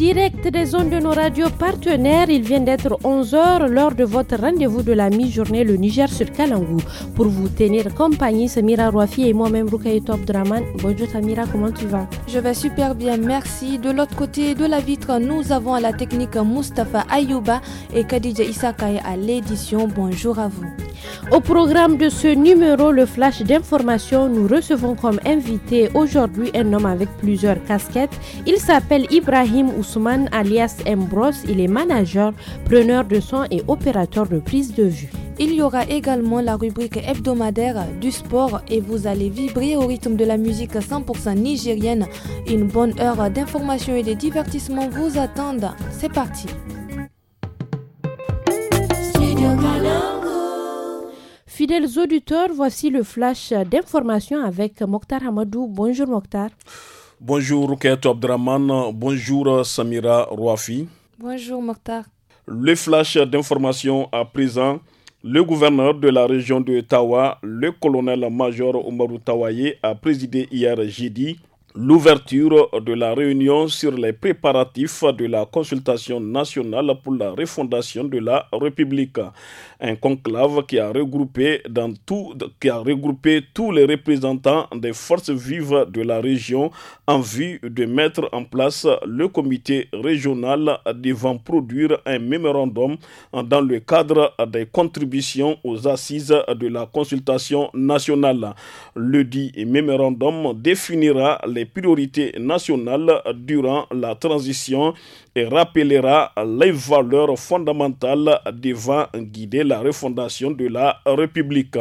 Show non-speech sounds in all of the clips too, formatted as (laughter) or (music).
direct des zones de nos radios partenaires. Il vient d'être 11h lors de votre rendez-vous de la mi-journée Le Niger sur Kalangou. Pour vous tenir compagnie, Samira Rouafi et moi-même Rukai Top Draman. Bonjour Samira, comment tu vas Je vais super bien, merci. De l'autre côté de la vitre, nous avons à la technique Mustapha Ayouba et Khadija Issaka à l'édition. Bonjour à vous. Au programme de ce numéro, le flash d'information, nous recevons comme invité aujourd'hui un homme avec plusieurs casquettes. Il s'appelle Ibrahim Ousmane alias Mbros. Il est manager, preneur de son et opérateur de prise de vue. Il y aura également la rubrique hebdomadaire du sport et vous allez vibrer au rythme de la musique 100% nigérienne. Une bonne heure d'information et de divertissement vous attendent. C'est parti. Fidèles auditeurs, voici le flash d'information avec Mokhtar Hamadou. Bonjour Mokhtar. Bonjour Rouquette Abdraman. Bonjour Samira Rouafi. Bonjour Mokhtar. Le flash d'information à présent. Le gouverneur de la région de Tawa, le colonel-major Omarou Tawaye, a présidé hier jeudi l'ouverture de la réunion sur les préparatifs de la consultation nationale pour la refondation de la République un conclave qui a regroupé, dans tout, qui a regroupé tous les représentants des forces vives de la région en vue de mettre en place le comité régional devant produire un mémorandum dans le cadre des contributions aux assises de la consultation nationale. Le dit mémorandum définira les priorités nationales durant la transition rappellera les valeurs fondamentales devant guider la refondation de la République.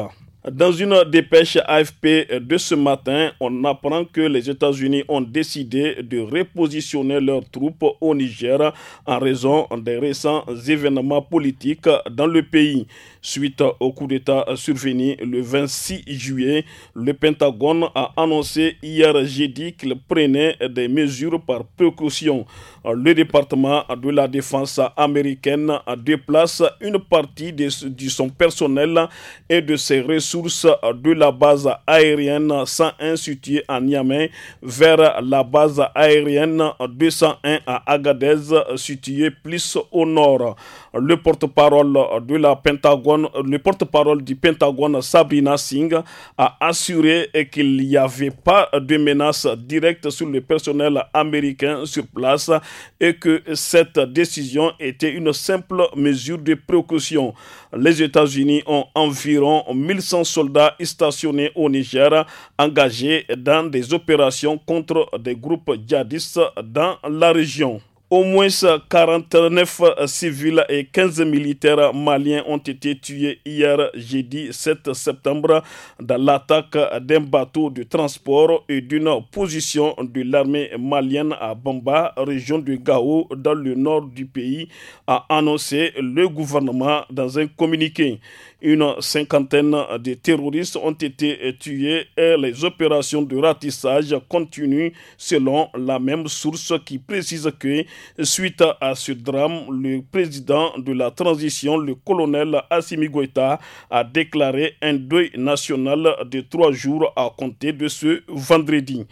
Dans une dépêche AFP de ce matin, on apprend que les États-Unis ont décidé de repositionner leurs troupes au Niger en raison des récents événements politiques dans le pays. Suite au coup d'État survenu le 26 juillet, le Pentagone a annoncé hier jeudi qu'il prenait des mesures par précaution. Le département de la défense américaine déplace une partie de, son personnel et de ses ressources de la base aérienne 101 située à Niamey vers la base aérienne 201 à Agadez située plus au nord le porte-parole de la Pentagone, le porte-parole du Pentagone Sabrina Singh a assuré qu'il n'y avait pas de menace directe sur le personnel américain sur place et que cette décision était une simple mesure de précaution. Les États-Unis ont environ 1100 soldats stationnés au Niger, engagés dans des opérations contre des groupes djihadistes dans la région. Au moins 49 euh, civils et 15 militaires maliens ont été tués hier jeudi 7 septembre dans l'attaque d'un bateau de transport et d'une position de l'armée malienne à Bamba, région de Gao, dans le nord du pays, a annoncé le gouvernement dans un communiqué. Une cinquantaine de terroristes ont été tués et les opérations de ratissage continuent selon la même source qui précise que Suite à ce drame, le président de la transition, le colonel Assimi Goïta, a déclaré un deuil national de trois jours à compter de ce vendredi.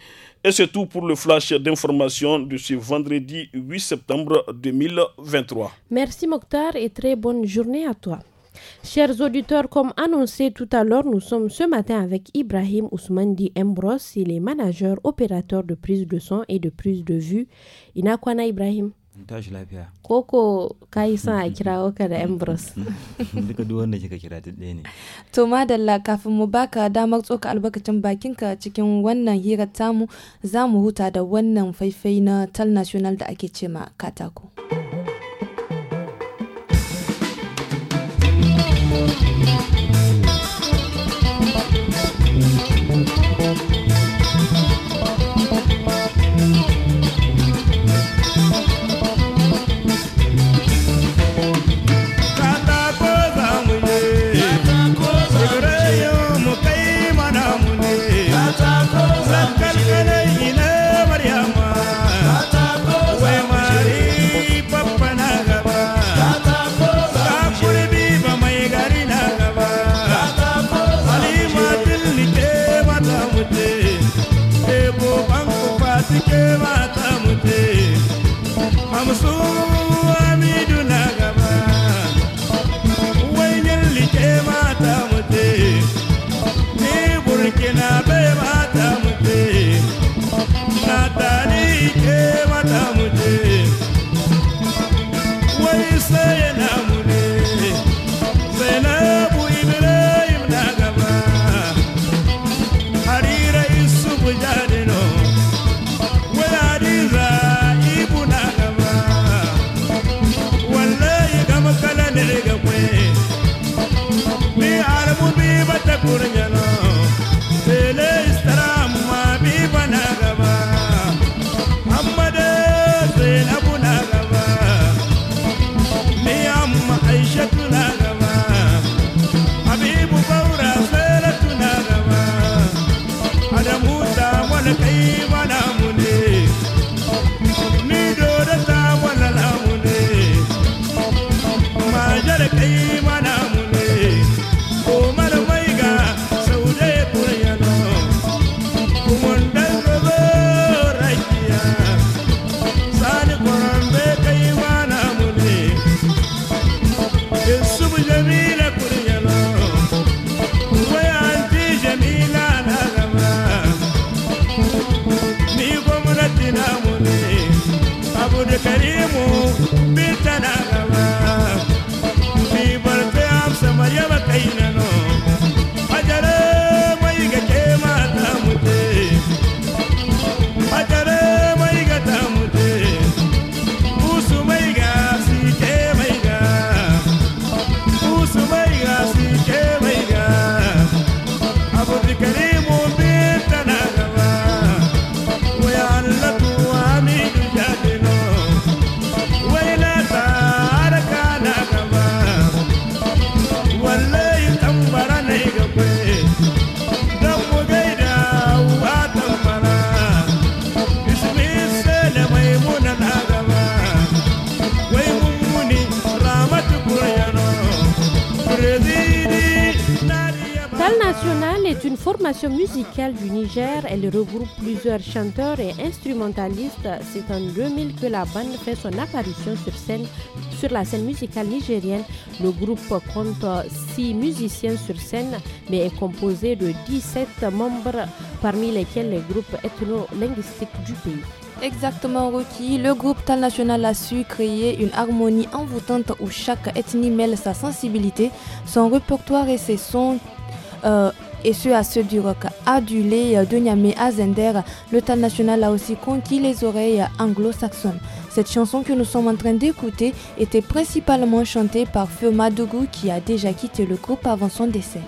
Et c'est tout pour le flash d'information de ce vendredi 8 septembre 2023. Merci Mokhtar et très bonne journée à toi. Chers auditeurs, comme annoncé tout à l'heure, nous sommes ce matin avec Ibrahim Ousmandi Mbros, il est manager opérateur de prise de son et de prise de vue. Inakwana Ibrahim. Koko lafiya ko a kirawo ka da mm. embros (laughs) to madalla kafin mu baka damar tsoka albarkacin bakinka cikin wannan hirar tamu za mu huta da wannan faifai na tal national da ake cema katako. mata muje wai sai formation musicale du Niger, elle regroupe plusieurs chanteurs et instrumentalistes. C'est en 2000 que la bande fait son apparition sur, scène, sur la scène musicale nigérienne. Le groupe compte 6 musiciens sur scène, mais est composé de 17 membres, parmi lesquels les groupes ethno-linguistiques du pays. Exactement, Rocky. Le groupe Tal National a su créer une harmonie envoûtante où chaque ethnie mêle sa sensibilité, son répertoire et ses sons. Euh, et ce à ceux du rock adulé euh, de Niamey Azender, le national a aussi conquis les oreilles anglo-saxonnes. Cette chanson que nous sommes en train d'écouter était principalement chantée par Feu Madougou qui a déjà quitté le groupe avant son décès.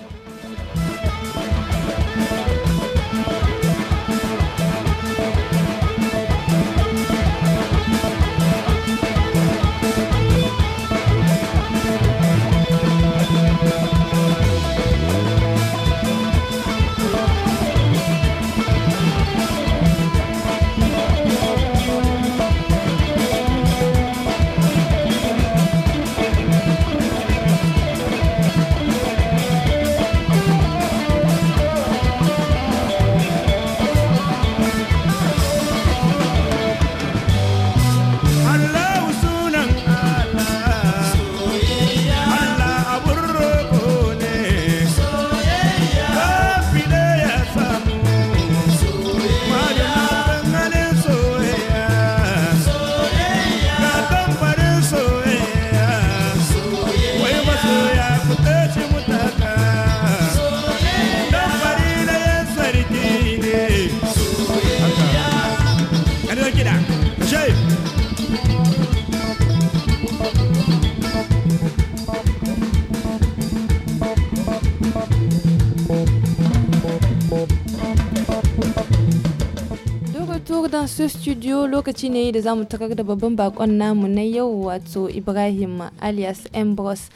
su studio lokaci ne da za mu tarar da babban bakon namu na yau wato ibrahim alias ambrose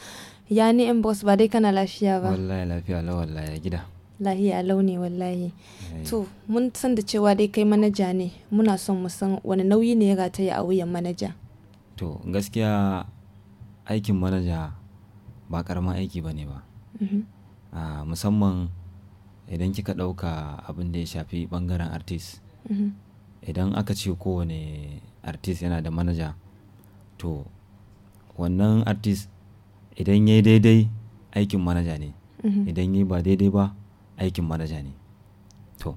ya ni ambrose ba dai kana lafiya ba wallahi lafiya lau wallahi gida lau ne wallahi to mun san da cewa dai kai manaja ne muna son mu san wani nauyi ne ya rataya a wuyan manaja to gaskiya aikin manaja ba karamin aiki ba ne ba mhm. musamman idan kika ɗauka abin da ya shafi bangaren artist mhm. idan aka ce kowane artist yana da manaja to wannan artist idan ya yi daidai aikin manaja ne mm-hmm. idan ya yi ba daidai ba aikin manaja ne to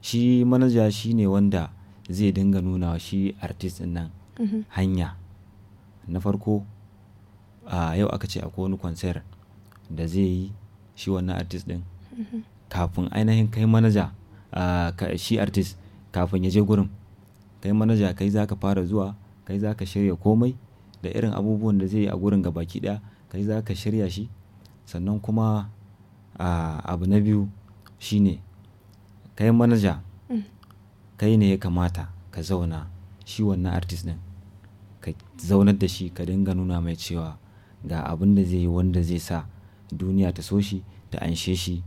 shi manaja shi ne wanda zai dinga nuna shi artist nan mm-hmm. hanya na farko a yau aka ce akwai wani concert da zai yi shi wannan artist din mm-hmm. kafin ainihin kai manaja shi artist kafin ya je gurin kai manaja kai za ka fara zuwa kai za ka shirya komai da irin abubuwan da zai yi a gurin ga baki ɗaya kai za ka shirya shi sannan kuma abu na biyu shine kai manaja mm. kai ne ya kamata ka zauna shi wannan artist ɗin ka zaunar da shi ka dinga nuna mai cewa ga abin da zai yi wanda zai sa duniya ta so shi ta anshe shi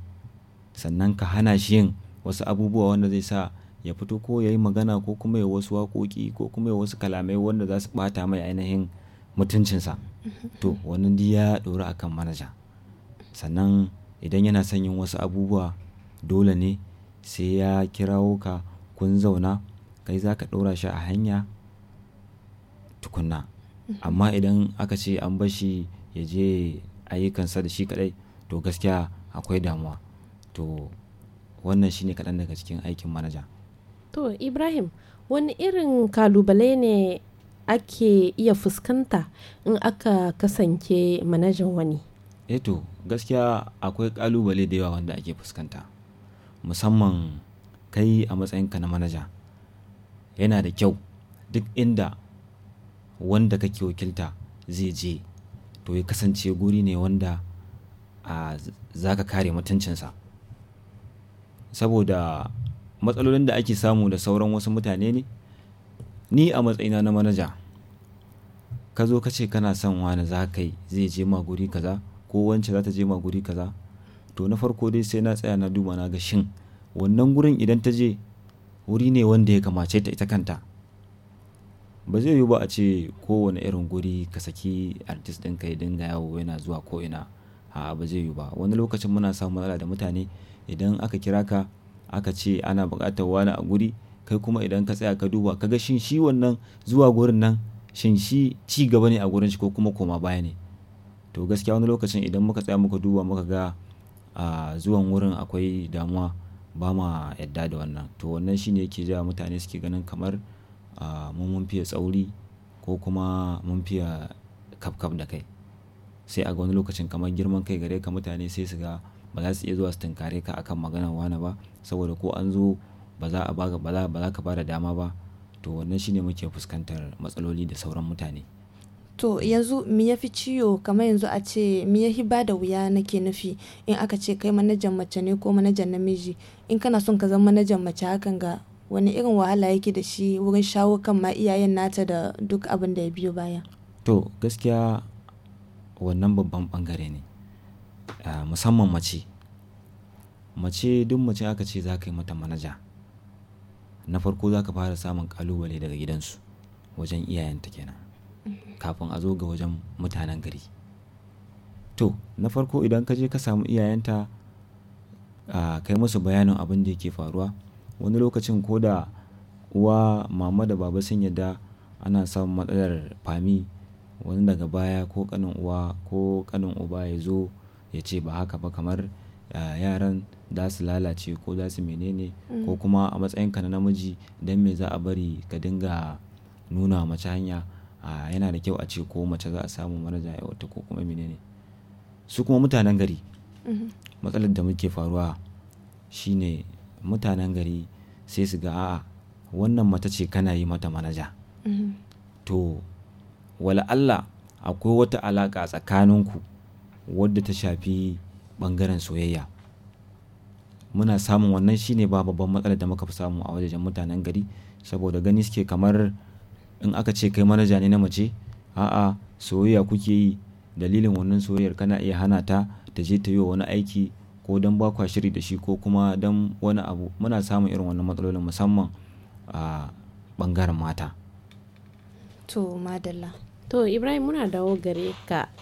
sannan ka hana shi yin wasu abubuwa wanda zai sa ya fito ko ya yi magana ko kuma ya wasu waƙoƙi ko kuma ya wasu kalamai wanda za su ɓata mai ainihin mutuncinsa to wani ndi ya ɗori akan manaja sannan idan yana son yin wasu abubuwa dole ne sai ya kirawo ka kun zauna kai za ka ɗora shi a hanya tukunna amma idan aka ce an bar shi ya je ayyukansa da shi kaɗai to gaskiya akwai damuwa to wannan shine kaɗan daga cikin aikin manaja. To Ibrahim, wani irin kalubale ne ake iya fuskanta in aka kasance manajan wani? Eto eh gaskiya akwai kalubale da yawa wanda ake fuskanta. Musamman kai a matsayinka na manaja. Yana da kyau duk inda wanda kake wakilta zai je to ya kasance guri ne wanda a ah, za ka kare mutuncinsa. Saboda matsalolin da ake samu da sauran wasu mutane ne ni a matsayina na manaja ka zo ka ce kana son wani za ka yi zai je ma guri kaza ko wance za ta je ma guri kaza to na farko dai sai na tsaya na duba na ga shin wannan gurin idan ta je wuri ne wanda ya kamace ta ita kanta ba zai yiwu ba a ce kowane irin guri ka saki artist ɗinka ya dinga yawo yana zuwa ko ina a ba zai yiwu ba wani lokacin muna samun matsala da mutane idan aka kira ka aka ce ana buƙatar wani a guri kai kuma idan ka tsaya ka duba kaga shin shi wannan zuwa gurin nan shin shi ci gaba ne a gurin shi ko kuma koma baya ne to gaskiya wani lokacin idan muka tsaya muka duba muka ga a zuwan wurin akwai damuwa ba ma yadda da wannan to wannan shine yake jawa mutane suke ganin kamar mun fiye tsauri ko kuma mun fiye kafkaf da kai sai a ga wani lokacin kamar girman kai gare ka mutane sai su ga ba za su iya zuwa su tunkare ka akan maganar wani ba saboda ko an zo ba za a baka ba za ba za dama ba to wannan shine muke fuskantar matsaloli da sauran mutane to yanzu mi ya fi ciwo kamar yanzu a ce mi ya ba da wuya nake nufi in aka ce kai manajan mace ne ko manajan namiji in kana son ka zama manajan mace hakan ga wani irin wahala yake da shi wurin shawo kan ma iyayen nata da duk abin da ya biyo baya to gaskiya wannan babban bangare ne Ah, musamman mace. Mace duk mace aka ce za ka yi mata manaja, na farko za ka fara samun ƙalubale daga gidansu wajen iyayenta kenan kafin a zo ga wajen mutanen gari. To, na farko idan ka je ka samu iyayenta, a ah, kai musu bayanin abin da yake faruwa. Wani lokacin ko da uwa, mama da baba sun yarda ana samun matsalar fami. Wani daga baya ko kanin uwa ko kanin uba ya zo ya ce ba haka ba kamar yaran za su lalace ko za su menene mm. ko kuma a matsayin ka na namiji don me za a bari ka dinga nuna mace hanya yana da kyau a ce ko mace za a samu manaja ya wata ko kuma menene su kuma mutanen gari mm-hmm. matsalar da muke faruwa shine mutanen gari sai su ga a'a wannan mata ce kana yi mata manaja mm-hmm. to wala Allah akwai wata alaƙa tsakaninku wadda ta shafi bangaren soyayya muna samun wannan shine ba babban matsalar da muka fi samu a wajen mutanen gari saboda gani suke kamar in aka ce kai manaja ne na mace a'a soyayya kuke yi dalilin wannan soyayyar kana iya hana ta ta je ta yi wa wani aiki ko don ba kwa shiri da shi ko kuma don wani abu muna samun irin wannan matsalolin musamman a bangaren mata to madalla Ibrahim muna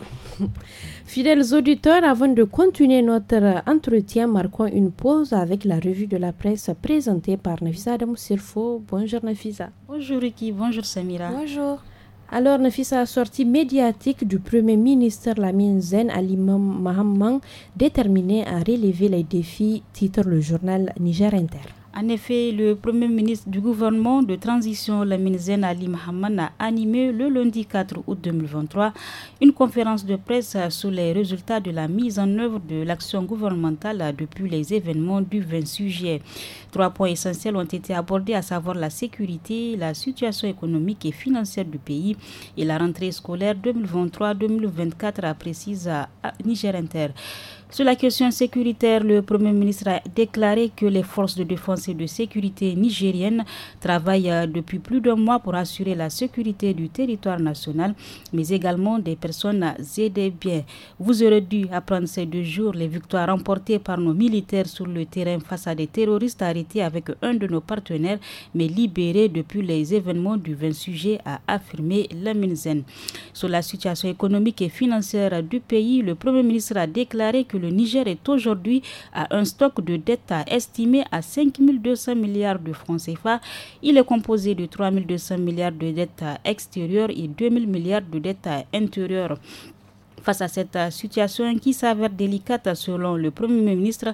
(laughs) Fidèles auditeurs, avant de continuer notre entretien, marquons une pause avec la revue de la presse présentée par Nafisa Adam Sirfo. Bonjour Nafisa. Bonjour Ricky, bonjour Samira. Bonjour. Alors, Nafisa, sorti médiatique du Premier ministre Lamine Zen Ali l'imam déterminé à relever les défis, titre le journal Niger Inter. En effet, le Premier ministre du gouvernement de transition, Lamine Ali Mohamed, a animé le lundi 4 août 2023 une conférence de presse sur les résultats de la mise en œuvre de l'action gouvernementale depuis les événements du 20 juillet. Trois points essentiels ont été abordés, à savoir la sécurité, la situation économique et financière du pays et la rentrée scolaire 2023-2024, précise à Niger Inter. Sur la question sécuritaire, le Premier ministre a déclaré que les forces de défense et de sécurité nigériennes travaillent euh, depuis plus d'un mois pour assurer la sécurité du territoire national, mais également des personnes et des biens. Vous aurez dû apprendre ces deux jours les victoires remportées par nos militaires sur le terrain face à des terroristes arrêtés avec un de nos partenaires, mais libérés depuis les événements du 20 sujet, a affirmé Laminzen. Sur la situation économique et financière du pays, le Premier ministre a déclaré que le Niger est aujourd'hui à un stock de dettes estimé à 5 200 milliards de francs CFA. Il est composé de 3 200 milliards de dettes extérieures et 2 000 milliards de dettes intérieures. Face à cette situation qui s'avère délicate selon le Premier ministre,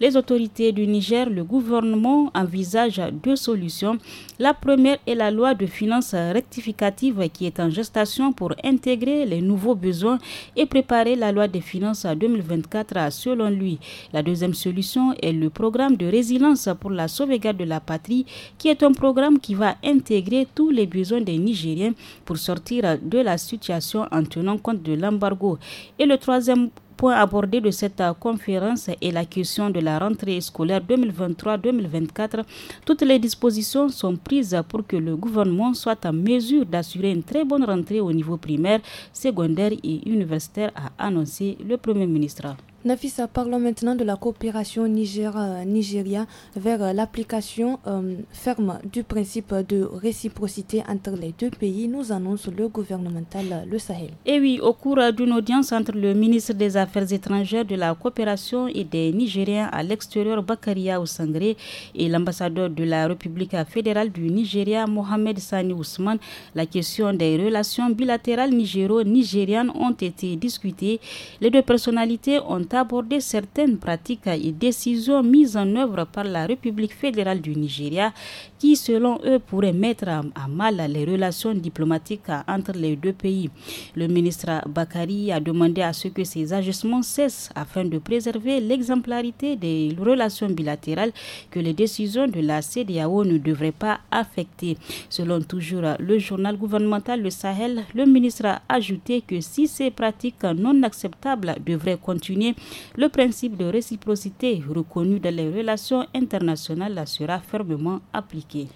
les autorités du Niger, le gouvernement envisage deux solutions. La première est la loi de finances rectificative qui est en gestation pour intégrer les nouveaux besoins et préparer la loi des finances 2024 selon lui. La deuxième solution est le programme de résilience pour la sauvegarde de la patrie qui est un programme qui va intégrer tous les besoins des Nigériens pour sortir de la situation en tenant compte de l'embargo. Et le troisième point abordé de cette euh, conférence est la question de la rentrée scolaire 2023-2024. Toutes les dispositions sont prises pour que le gouvernement soit en mesure d'assurer une très bonne rentrée au niveau primaire, secondaire et universitaire, a annoncé le Premier ministre. Nafisa, parlons maintenant de la coopération Niger-Nigeria euh, vers euh, l'application euh, ferme du principe de réciprocité entre les deux pays, nous annonce le gouvernemental le Sahel. Et eh oui, au cours d'une audience entre le ministre des Affaires étrangères de la coopération et des Nigériens à l'extérieur, Bakaria Ousangré, et l'ambassadeur de la République fédérale du Nigeria, Mohamed Sani Ousmane, la question des relations bilatérales nigéro-nigériennes ont été discutées. Les deux personnalités ont aborder certaines pratiques et décisions mises en œuvre par la République fédérale du Nigeria qui, selon eux, pourraient mettre à, mal les relations diplomatiques entre les deux pays. Le ministre Bakari a demandé à ce que ces ajustements cessent afin de préserver l'exemplarité des relations bilatérales que les décisions de la CDAO ne devraient pas affecter. Selon toujours le journal gouvernemental Le Sahel, le ministre a ajouté que si ces pratiques non acceptables devraient continuer, le principe de réciprocité reconnu dans les relations internationales sera fermement appliqué. quê?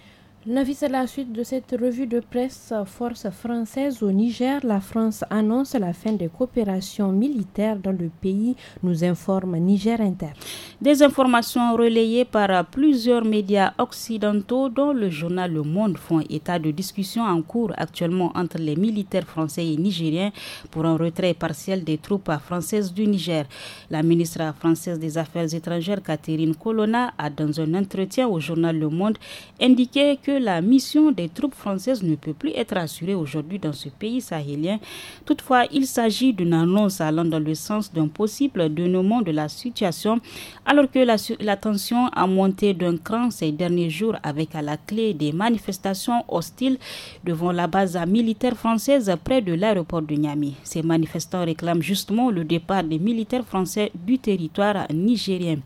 Navi, à la suite de cette revue de presse Force française au Niger. La France annonce la fin des coopérations militaires dans le pays, nous informe Niger Inter. Des informations relayées par plusieurs médias occidentaux dont le journal Le Monde font état de discussions en cours actuellement entre les militaires français et nigériens pour un retrait partiel des troupes françaises du Niger. La ministre française des Affaires étrangères, Catherine Colonna, a dans un entretien au journal Le Monde indiqué que la mission des troupes françaises ne peut plus être assurée aujourd'hui dans ce pays sahélien. Toutefois, il s'agit d'une annonce allant dans le sens d'un possible dénouement de la situation, alors que la, tension a monté d'un cran ces derniers jours avec à la clé des manifestations hostiles devant la base militaire française près de l'aéroport de Niamey. Ces manifestants réclament justement le départ des militaires français du territoire nigérien.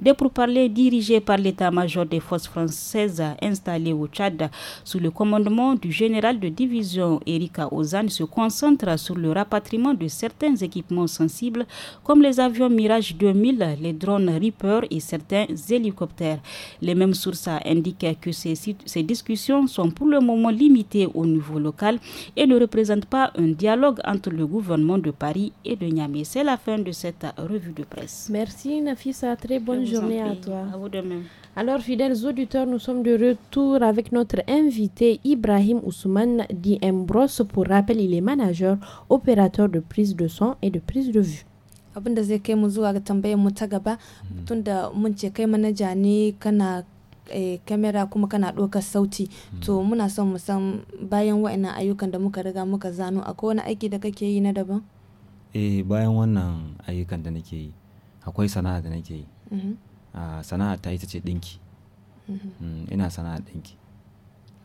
Des pourparlers dirigés par l'état-major des forces françaises installées au Tchad sous le commandement du général de division Erika Ozan se concentre sur le rapatriement de certains équipements sensibles comme les avions Mirage 2000, les drones Reaper et certains hélicoptères. Les mêmes sources indiquent que ces, ces discussions sont pour le moment limitées au niveau local et ne représentent pas un dialogue entre le gouvernement de Paris et de Niamey. C'est la fin de cette revue de presse. Merci Nafisa, très bonne journée à toi. À vous demain. Alors fidèles auditeurs, nous sommes de retour avec avec notre invité Ibrahim Ousmane dit Mbros. Pour rappel, il est manager, opérateur de prise de son et de prise de vue. abin da zai kai mu zuwa ga tambayar mu ta gaba hmm. tunda mun ce kai manaja ne kana kamera eh, kuma kana ɗaukar sauti hmm. to muna son mu san bayan wa'annan ayyukan da muka riga muka zano akwai wani aiki da kake yi na daban eh bayan wannan ayyukan da nake yi akwai sana'a da nake yi mhm. ah, sana'a ta ita ce ɗinki mhm. hmm, ina sana'a ɗinki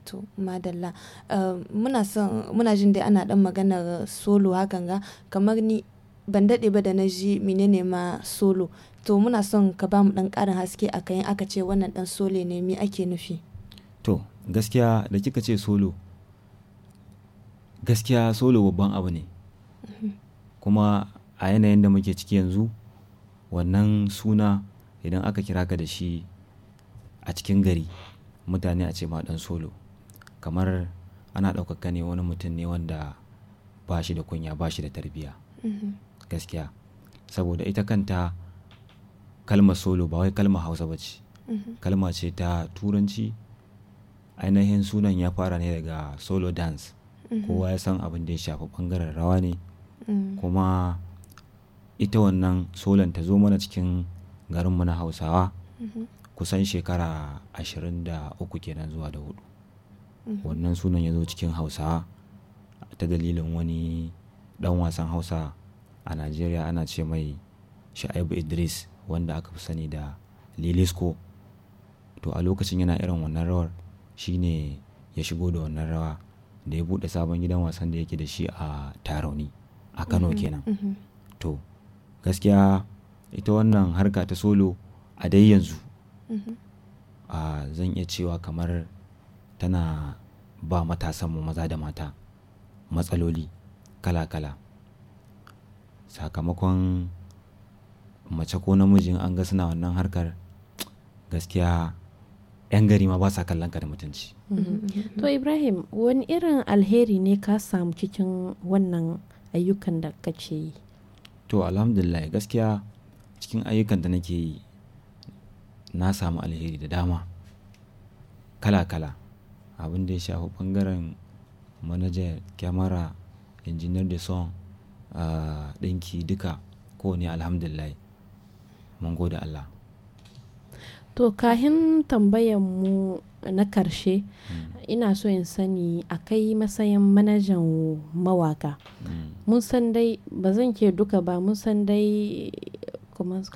to madalla ehm, muna son muna jin dai ana dan maganar solo hakan ga kamar ni ban daɗe ba da na ji menene ma solo to muna son ka ba mu dan ƙarin haske a kayan aka ce wannan dan solo ne mi ake nufi to gaskiya da kika ce solo gaskiya solo babban abu ne mhm. kuma a yanayin da muke ciki yanzu wannan suna idan aka kira ka da shi a cikin gari mutane a ce ma dan solo kamar ana ɗaukaka ne wani mutum ne wanda ba shi da kunya ba shi da tarbiyya mm-hmm. gaskiya saboda ita kanta kalma solo ba wai kalma hausa ba ce mm-hmm. kalma ce ta turanci ainihin sunan ya fara ne daga solo dance mm-hmm. kowa ya san abin da ya shafi bangaren rawa ne mm. kuma ita wannan solon ta zo mana cikin garinmu na hausawa kusan shekara 23 kenan zuwa da hudu Mhm. wannan sunan ya zo cikin hausa ta dalilin wani dan wasan hausa a najeriya ana ce mai sha'ibu idris wanda aka fi sani da lilisko to a lokacin yana irin wannan rawar shi ne ya shigo da wannan rawa da ya bude sabon gidan wasan da yake da shi a tarauni a kano mhm. kenan mhm. to gaskiya ita wannan harka ta solo a dai yanzu a zan iya cewa kamar tana ba matasanmu maza da mata matsaloli kala-kala sakamakon mace ko namijin an ga suna wannan harkar gaskiya 'yan gari ma ba sa kallon ka da mutunci. Mm-hmm. To Ibrahim wani irin alheri ne ka samu cikin wannan ayyukan da ce yi? To alhamdulillah gaskiya cikin ayyukan da nake yi na samu alheri da dama kala-kala abin da ya shafi ɓangaren manajan kyamara injinar da son ɗinki duka kowane alhamdulillah mun gode Allah to kahin tambayan mu na karshe mm. ina so in sani akai matsayin manajan mawaka mm. mun san dai ba zan ke duka ba mun san dai kuma su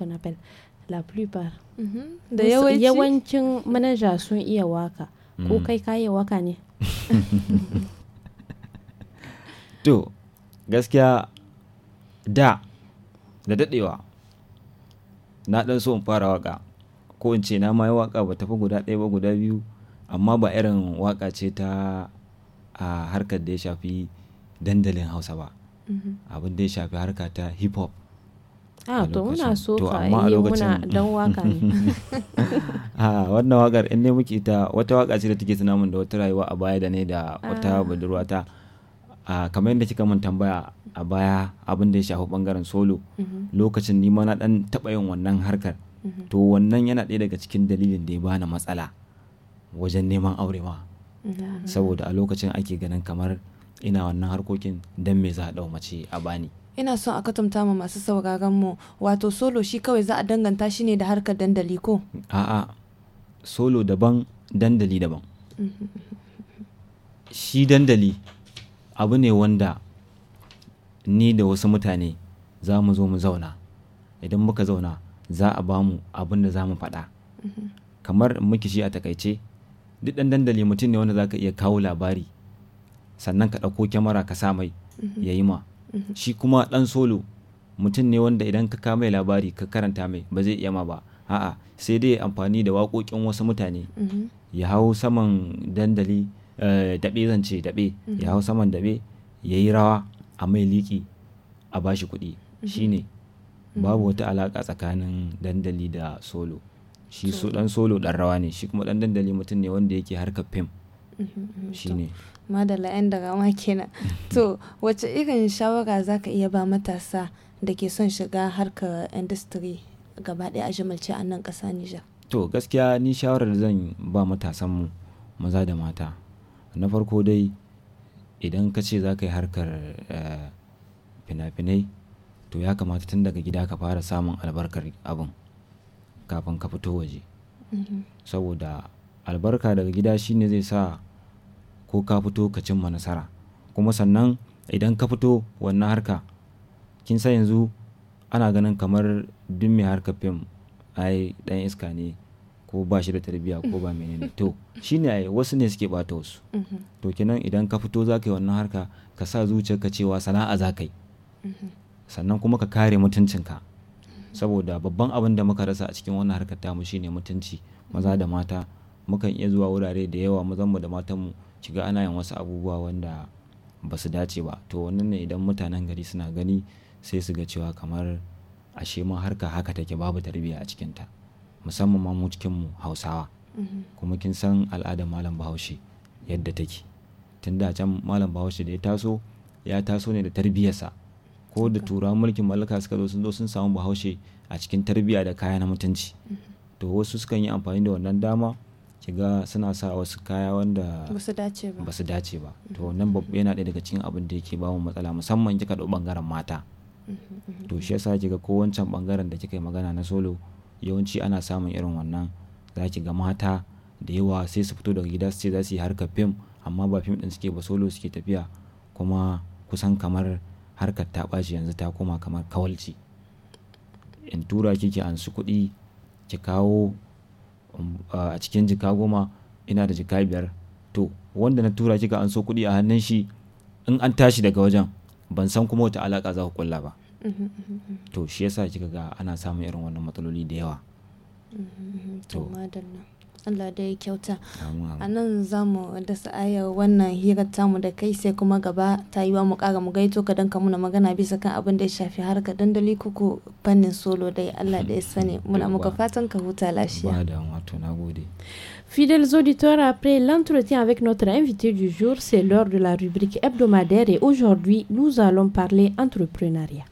la plupart mm-hmm. da yawancin manaja sun iya waka ko mm. kai kaye waka ne (laughs) to gaskiya da da dadewa na dan so in fara waka ko in ce na ma yi waka ba tafi guda ɗaya ba guda biyu amma ba irin waka ce ta a harkar da ya shafi dandalin hausa ba mm-hmm. abin da ya shafi harka ta hip hop a to muna so fa eh, muna dan waka ne (laughs) ah, wannan wakar in ne muke ta wata waka ce da take tunamin da wata rayuwa a baya da ne da wata ah. budurwa ta ah, kamar yadda kika mun tambaya a baya abin da ya shafi bangaren solo mhm. lokacin ni ma na dan taba yin wannan harkar mhm. to wannan yana ɗaya daga cikin dalilin da ya bani matsala wajen neman aure ma saboda a lokacin ake ganin kamar ina wannan harkokin dan me za a mace a bani ina son a katumta ma masu sauraron mu wato solo shi kawai za a danganta shi ne da harkar dandali ko a'a solo daban dandali daban (laughs) shi dandali abu ne wanda ni da wasu mutane za mu zo mu zauna idan muka zauna za a ba mu abin da za mu faɗa (laughs) kamar muke shi a takaice duk ɗan dandali mutum ne wanda za ka iya kawo labari sannan ka ɗauko kyamara ka sa mai (laughs) ya yi ma shi kuma dan solo mutum ne wanda idan ka kama mai labari ka karanta mai ba zai iya ma ba a'a sai dai amfani da waƙoƙin wasu mutane mm-hmm. ya hau saman dandali eh, daɓe zance daɓe mm-hmm. ya hau saman daɓe ya yi rawa a mai liƙi a bashi kuɗi mm-hmm. ne babu wata alaƙa tsakanin dandali da solo shi ɗan dan solo dan rawa ne shi kuma dan dandali mutum ne wanda yake harkar fim shine yan daga ma kenan to wace irin shawara za ka iya ba matasa da ke son shiga harkar industry gaba daya a jimalci a nan ƙasa Nijar to gaskiya ni shawarar zan ba matasan mu maza da mata na farko dai idan ka ce za ka yi harkar eh, fina-finai to ya kamata tun daga gida ka fara samun albarkar abin kafin ka fito waje mm-hmm. saboda albarka daga gida shine zai sa ko ka fito ka cimma nasara kuma sannan idan ka fito wannan harka kin sa yanzu ana ganin kamar duk mai harka fim ai dan iska ne ko ba shi da tarbiyya ko ba menene to shine ai wasu ne suke bata wasu mm-hmm. to kenan idan ka fito za ka yi wannan harka ka sa zuciyarka cewa sana'a za ka yi mm-hmm. sannan kuma ka kare mutuncinka saboda babban abin da muka rasa a cikin wannan harkar tamu shine mutunci maza da mata mukan iya zuwa wurare da yawa mazanmu da matanmu kiga ana yin wasu abubuwa wanda ba su dace ba to wannan ne idan mutanen gari suna gani sai su ga cewa kamar ashe ma harka haka take babu tarbiyya a cikinta musamman ma mu cikin mu hausawa mm-hmm. kuma kin san al'adar malam bahaushe yadda take tun da can malam bahaushe da ya taso ya taso ne da tarbiyyarsa ko da turawan mulkin mallaka suka zo sun zo sun samu bahaushe a cikin tarbiyya da kaya na mutunci mm-hmm. to wasu sukan yi amfani da wannan dama kiga suna sa wasu kaya wanda ba su dace ba mm-hmm. to nan yana ɗaya daga cikin abin da yake ba mu matsala musamman kika ɗau bangaren mata mm-hmm, mm-hmm. to shi yasa kiga ko wancan bangaren da kika yi magana na solo yawanci ana samun irin wannan za ki ga mata da yawa sai su fito daga gida su ce za su yi harkar fim amma ba fim ɗin suke ba solo suke tafiya kuma kusan kamar harkar ta ɓaci yanzu ta koma kamar kawalci in tura kike an su kuɗi ki kawo Um, a cikin jika goma ina da jika biyar to wanda na tura kika an so kuɗi a hannun shi in an tashi daga wajen ban san kuma wata alaƙa za ku kulla ba to shi yasa kika ga ana samun irin wannan matsaloli da yawa mm-hmm, mm-hmm. to Allah da ya kyauta. A nan za mu dasa aya wannan hirar tamu da kai sai kuma gaba ta yi wa mu kara mu gaito ka danka muna magana bisa kan abin da ya shafi harkar dandali kuku fannin solo dai Allah da ya sani. (laughs) Muna muka fatan ka huta lafiya. Fidèles auditeurs, après l'entretien avec notre invité du jour, c'est l'heure de la rubrique hebdomadaire et aujourd'hui, nous allons parler entrepreneuriat.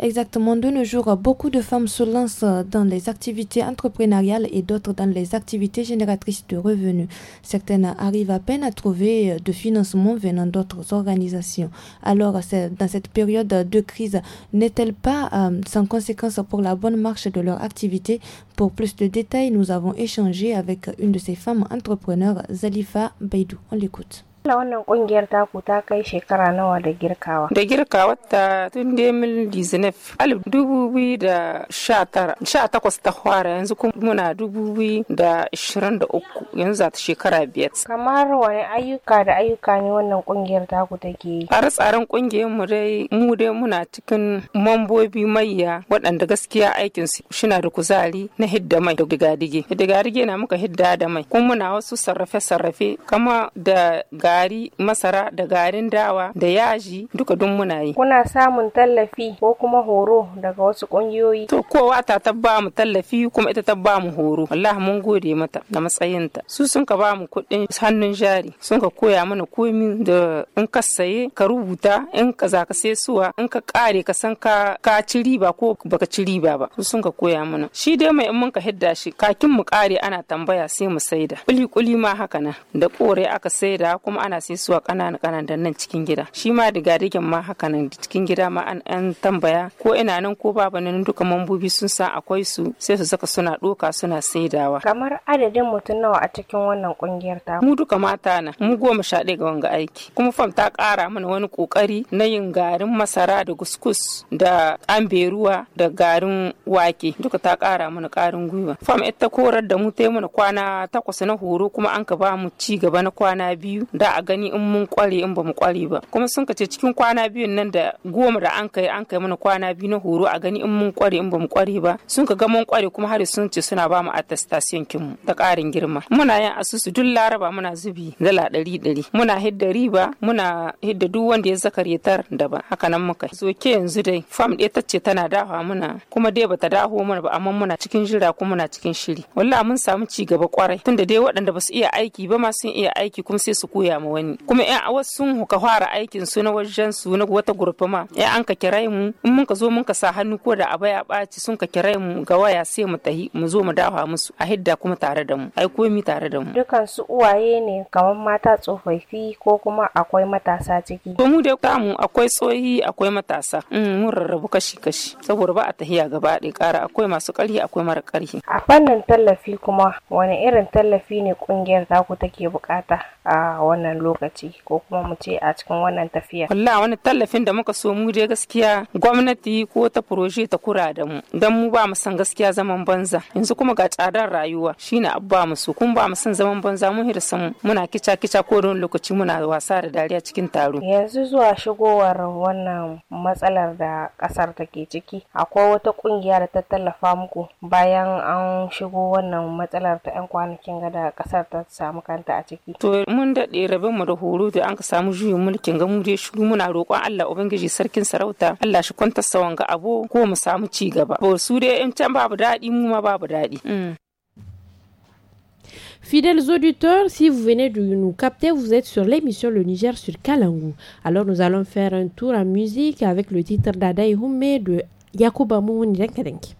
Exactement, de nos jours, beaucoup de femmes se lancent dans les activités entrepreneuriales et d'autres dans les activités génératrices de revenus. Certaines arrivent à peine à trouver de financement venant d'autres organisations. Alors, dans cette période de crise, n'est-elle pas euh, sans conséquence pour la bonne marche de leur activité Pour plus de détails, nous avons échangé avec une de ces femmes entrepreneurs, Zalifa Beidou. On l'écoute. Kala wannan kungiyar taku ta kai shekara nawa da girkawa? Da girkawa ta tun da mil dizinef alif dubu biyu da sha tara sha takwas ta fara yanzu kuma muna dubu biyu da ishirin da uku yanzu za shekara biyar. Kamar wani ayyuka da ayyuka ne wannan kungiyar taku take yi? Tsare-tsaren kungiyar mu dai mu dai muna cikin mambobi mayya waɗanda gaskiya aikin su shina da kuzari na hidda mai da digadige. Gigadige na muka hidda da mai kuma muna wasu sarrafe-sarrafe kama da ga gari masara da garin dawa da yaji duka dun muna yi kuna samun tallafi ko kuma horo daga wasu kungiyoyi to kowa ta tabba mu tallafi kuma ita tabba mu horo wallahi mun gode mata da matsayinta su sun ka ba mu kuɗin hannun jari sun ka koya mana komi da in ka saye ka rubuta in ka za ka sai suwa in ka kare ka san ka ka ci riba ko baka ci riba ba su sun ka koya mana shi dai mai in mun ka hidda shi kakin mu kare ana tambaya sai mu saida kuli kuli ma haka nan da kore aka saida kuma ana sai suwa ƙananan ƙananan da nan cikin gida shi ma diga digin ma haka nan cikin gida ma an tambaya ko ina nan ko babu nan duka mambobi sun sa akwai su sai su saka suna doka suna saidawa kamar adadin mutum nawa a cikin wannan kungiyar ta mu duka mata na mu goma sha ɗaya ga wanga aiki kuma fam ta ƙara mana wani ƙoƙari na yin garin masara da guskus da amberuwa da garin wake duka ta ƙara mana ƙarin gwiwa fam ita korar da mu ta mana kwana takwas na horo kuma an ka ba mu ci gaba na kwana biyu da a gani in mun kware in ba mu kware ba kuma sun ce cikin kwana biyun nan da goma da an kai an kai mana kwana biyu na horo a gani in mun kware in ba mu kware ba sun ka ga mun kware kuma har sun ce suna ba mu attestation mu ta karin girma muna yin asusu duk laraba muna zubi dala ɗari dari muna hidda riba muna hidda duk wanda ya ya tar ba haka nan muka zo ke yanzu dai fam ɗaya ta ce tana dawa muna kuma dai bata dawo mana ba amma muna cikin jira kuma muna cikin shiri wallahi mun samu ci gaba kwarai tunda dai waɗanda ba su iya aiki ba ma sun iya aiki kuma sai su koya mu wani kuma ɗan awas sun ka fara aikin su na wajen su na wata gurfa ma an ka kira mu in mun ka zo mun ka sa hannu ko da abaya ɓaci sun ka kira mu ga waya sai mu tahi mu zo mu dawo musu a hidda kuma tare da mu ai komi tare da mu dukan su uwaye ne kamar mata tsofaffi ko kuma akwai matasa ciki ko mu da kamu akwai tsohi akwai matasa mm, mun rarrabu kashi kashi saboda ba a tahiya gaba ɗaya ƙara akwai masu ƙarfi akwai mara ƙarfi. a fannin tallafi kuma wani irin tallafi ne ƙungiyar kungiyar taku take bukata a wannan lokaci ko kuma mu ce a cikin wannan tafiya. Wallah wani tallafin da muka so mu dai gaskiya gwamnati ko ta proje ta kura da mu don mu ba mu san gaskiya zaman banza yanzu kuma ga tsadar rayuwa shine abu ba mu so kun ba mu san zaman banza mun hira muna kica kica ko don lokaci muna wasa da dariya cikin taro. Yanzu zuwa shigowar wannan matsalar da kasar take ciki akwai wata kungiya da ta tallafa muku bayan an shigo wannan matsalar ta 'yan kwanakin gada kasar ta samu kanta a ciki. mun daɗe rabin mu da horo da an ka samu juyin mulkin ga mu dai shiru muna roƙon Allah ubangiji sarkin sarauta Allah shi kwanta sawan ga abu ko mu samu ci gaba ba su dai in can babu daɗi mu ma babu daɗi mm. Fidèles auditeurs, si vous venez de nous capter, vous êtes sur l'émission Le Niger sur Kalangou. Alors nous allons faire un tour en musique avec le titre d'Adaï Houmé de Yakuba Moumouni Denkadenki.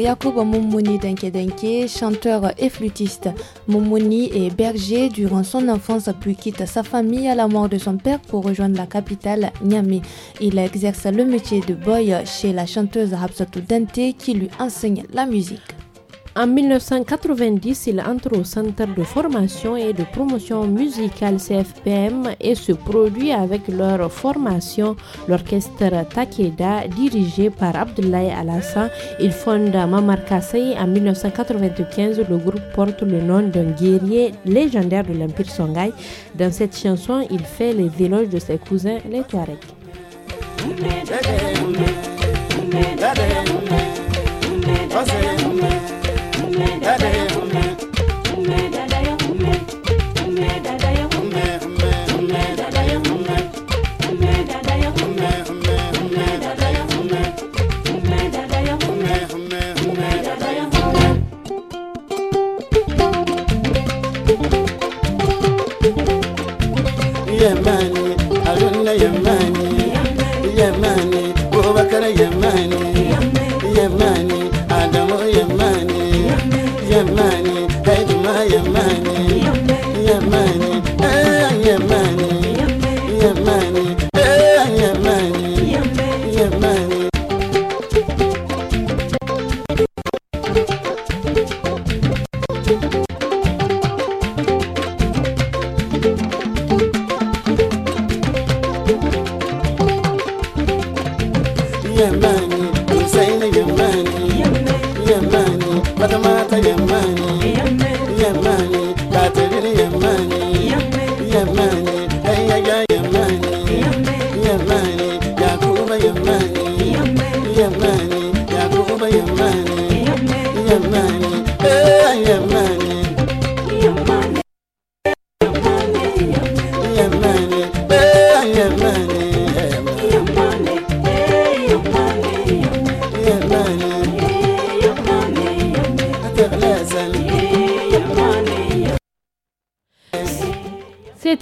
Yacoub Denke Denke, chanteur et flûtiste. Momoni est berger durant son enfance puis quitte sa famille à la mort de son père pour rejoindre la capitale Niamey. Il exerce le métier de boy chez la chanteuse Hapsatou Dente qui lui enseigne la musique. En 1990, il entre au Centre de formation et de promotion musicale CFPM et se produit avec leur formation, l'orchestre Takeda, dirigé par Abdoulaye Alassane. Il fonde Mamar Kassai en 1995. Le groupe porte le nom d'un guerrier légendaire de l'Empire Songhai. Dans cette chanson, il fait les éloges de ses cousins, les Touaregs. Hare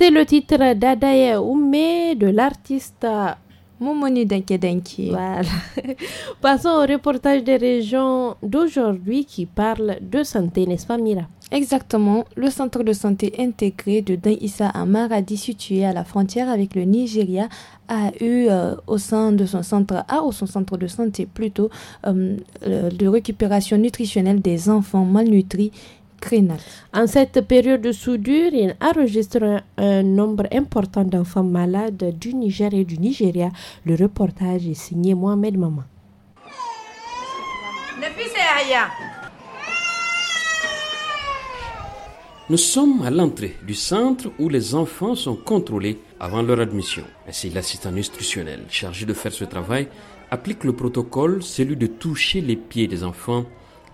C'était le titre d'Adaya Oumé de l'artiste Momoni Denke Voilà. (laughs) Passons au reportage des régions d'aujourd'hui qui parle de santé, n'est-ce pas Mira Exactement, le centre de santé intégré de Issa à Maradi, situé à la frontière avec le Nigeria, a eu euh, au sein de son centre, a ou son centre de santé plutôt, euh, euh, de récupération nutritionnelle des enfants malnutris en cette période de soudure, il enregistre un, nombre important d'enfants malades du Niger et du Nigeria. Le reportage est signé Mohamed Maman. Nous sommes à l'entrée du centre où les enfants sont contrôlés avant leur admission. Ainsi, l'assistant institutionnel chargé de faire ce travail applique le protocole, celui de toucher les pieds des enfants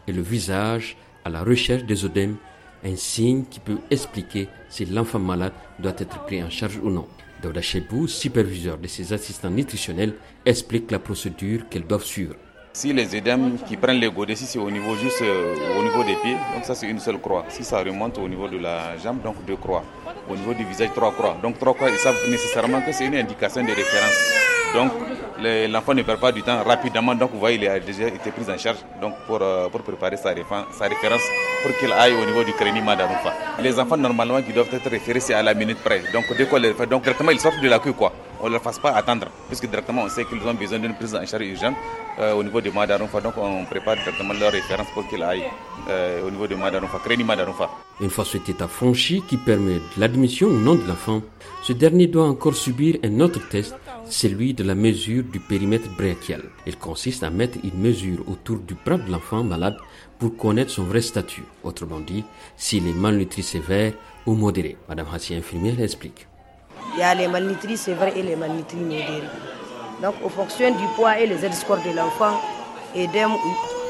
et le visage à la recherche des œdèmes, un signe qui peut expliquer si l'enfant malade doit être pris en charge ou non. Dauda Chebou, superviseur de ses assistants nutritionnels, explique la procédure qu'elles doivent suivre. Si les œdèmes qui prennent les godets, si c'est au niveau juste euh, au niveau des pieds, donc ça c'est une seule croix. Si ça remonte au niveau de la jambe, donc deux croix au niveau du visage trois croix. Donc trois croix, ils savent nécessairement que c'est une indication de référence. Donc l'enfant ne perd pas du temps rapidement. Donc vous voyez, il a déjà été pris en charge donc pour, euh, pour préparer sa, référence, sa pour qu'il aille au niveau du crénima d'Arufa. Les enfants normalement qui doivent être référés, c'est à la minute près. Donc dès quoi les donc directement ils sortent de la queue quoi on ne leur fasse pas attendre, puisque directement on sait qu'ils ont besoin d'une prise en charge urgente euh, au niveau du Madarunfa. Donc on prépare directement leur référence pour qu'ils aillent euh, au niveau du Madarunfa, Crédit Madarunfa. Une fois cet état franchi qui permet l'admission au nom de l'enfant, ce dernier doit encore subir un autre test, celui de la mesure du périmètre brachial. Il consiste à mettre une mesure autour du bras de l'enfant malade pour connaître son vrai statut, autrement dit, s'il est malnutri sévère ou modéré. Madame Hassi, infirmière, l'explique. Il y a les malnutries, c'est vrai, et les malnutries modérées. Donc, en fonction du poids et les aides scores de l'enfant, et d'un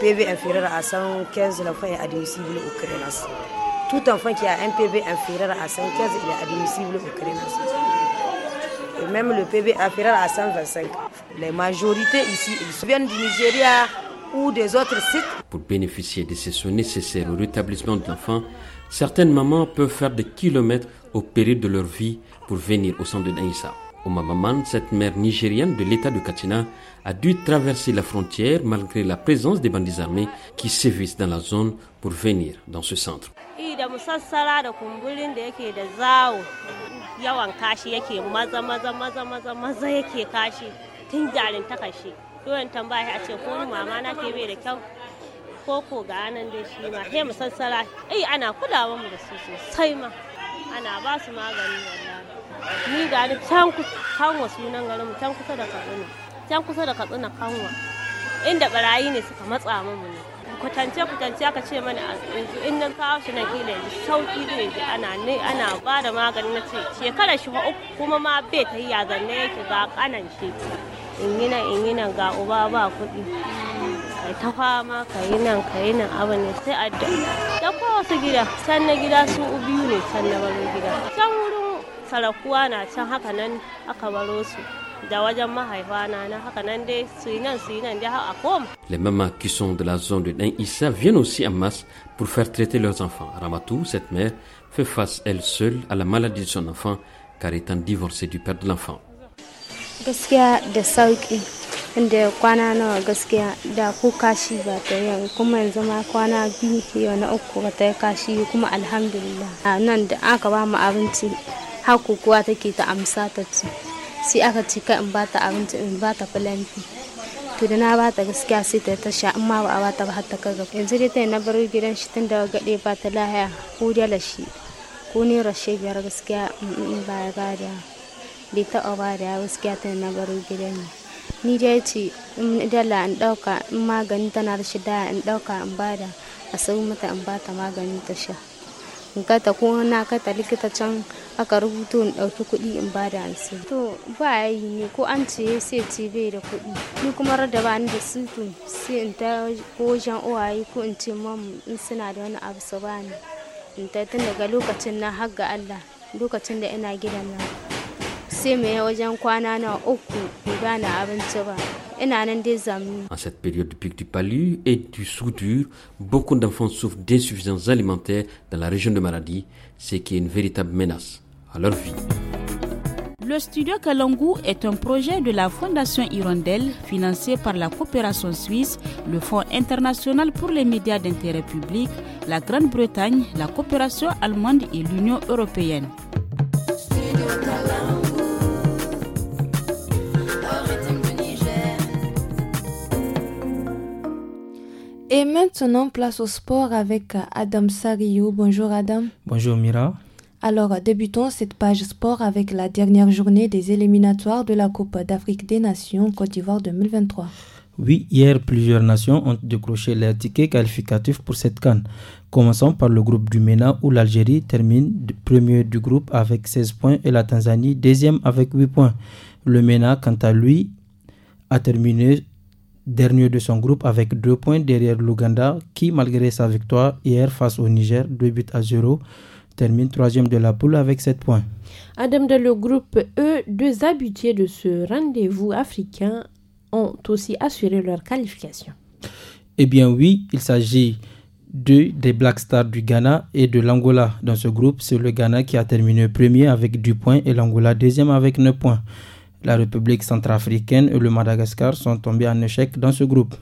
PV inférieur à 115, l'enfant est admissible au CRENAS. Tout enfant qui a un PV inférieur à 115, il est admissible au CRENAS. Et même le PV inférieur à 125. Les majorités ici, ils viennent du Nigeria ou des autres sites. Pour bénéficier des sessions nécessaires au rétablissement de l'enfant, certaines mamans peuvent faire des kilomètres au péril de leur vie pour venir au centre de Au Maman, cette mère nigérienne de l'état de Katina, a dû traverser la frontière malgré la présence des bandits armés qui sévissent dans la zone pour venir dans ce centre. ana ba su magani wallahi ni ga ni can kanwa sunan garin can kusa da katsina can kusa da katsina kanwa inda barayi ne suka matsa mu ne kwatance kwatance aka ce mana yanzu in nan kawo shi nan kila yanzu sauki zai ji ana ne ana ba da magani na ce shekara shi uku kuma ma bai ta yi ya zanne yake ga kanan shi Les mamans qui sont de la zone de Nain-Issa viennent aussi en masse pour faire traiter leurs enfants. Ramatou, cette mère, fait face elle seule à la maladie de son enfant car étant divorcée du père de l'enfant. gaskiya da sauki inda kwana nawa gaskiya da ko kashi ba ta yi kuma yanzu ma kwana biyu yau na uku ba ta yi kashi kuma alhamdulillah a nan da aka ba mu abinci har kuwa take ta amsa ta ci sai aka ci ka in bata abinci in bata filanti to da na bata gaskiya sai ta tasha sha amma ba a bata ba har ta kaga yanzu dai ta na bar gidan shi tun daga gade ba ta lahaya ko dalashi ko ne rashe biyar gaskiya in mm, mm, ba ya da. bai taɓa ya wasu kiyata na baro gidan ne ni dai ce in dala in ɗauka in magani tana da shida in ɗauka in bada a sau mata in bata magani ta sha in kata ko na kata likita can aka rubuto in ɗauki kuɗi in bada an sai to ba yi ne ko an ce sai ci bai da kuɗi ni kuma rada ba ni da sutu sai in ta ko jan uwaye ko in ce mam in suna da wani abu su bani in ta tun daga lokacin na har ga Allah lokacin da ina gidan nan En cette période de pic du palu et du soudure, beaucoup d'enfants souffrent d'insuffisance alimentaire dans la région de Maradi, ce qui est une véritable menace à leur vie. Le studio Kalangu est un projet de la Fondation Hirondelle financé par la coopération suisse, le Fonds international pour les médias d'intérêt public, la Grande-Bretagne, la coopération allemande et l'Union européenne. Et maintenant, place au sport avec Adam Sariou. Bonjour Adam. Bonjour Mira. Alors, débutons cette page sport avec la dernière journée des éliminatoires de la Coupe d'Afrique des Nations Côte d'Ivoire 2023. Oui, hier, plusieurs nations ont décroché leurs tickets qualificatifs pour cette canne. Commençons par le groupe du MENA où l'Algérie termine premier du groupe avec 16 points et la Tanzanie deuxième avec 8 points. Le MENA, quant à lui, a terminé dernier de son groupe avec deux points derrière l'Ouganda qui, malgré sa victoire hier face au Niger, deux buts à 0, termine troisième de la poule avec sept points. Adam dans le groupe E, deux habitués de ce rendez-vous africain ont aussi assuré leur qualification. Eh bien oui, il s'agit de, des Black Stars du Ghana et de l'Angola. Dans ce groupe, c'est le Ghana qui a terminé premier avec deux points et l'Angola deuxième avec neuf points. La République centrafricaine et le Madagascar sont tombés en échec dans ce groupe.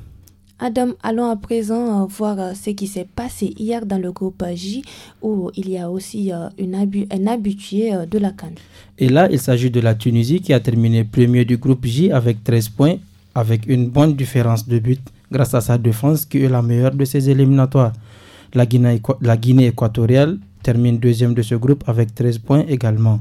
Adam, allons à présent euh, voir euh, ce qui s'est passé hier dans le groupe euh, J où il y a aussi un habitué de la Cannes. Et là, il s'agit de la Tunisie qui a terminé premier du groupe J avec 13 points, avec une bonne différence de but grâce à sa défense qui est la meilleure de ses éliminatoires. La Guinée, la Guinée équatoriale termine deuxième de ce groupe avec 13 points également.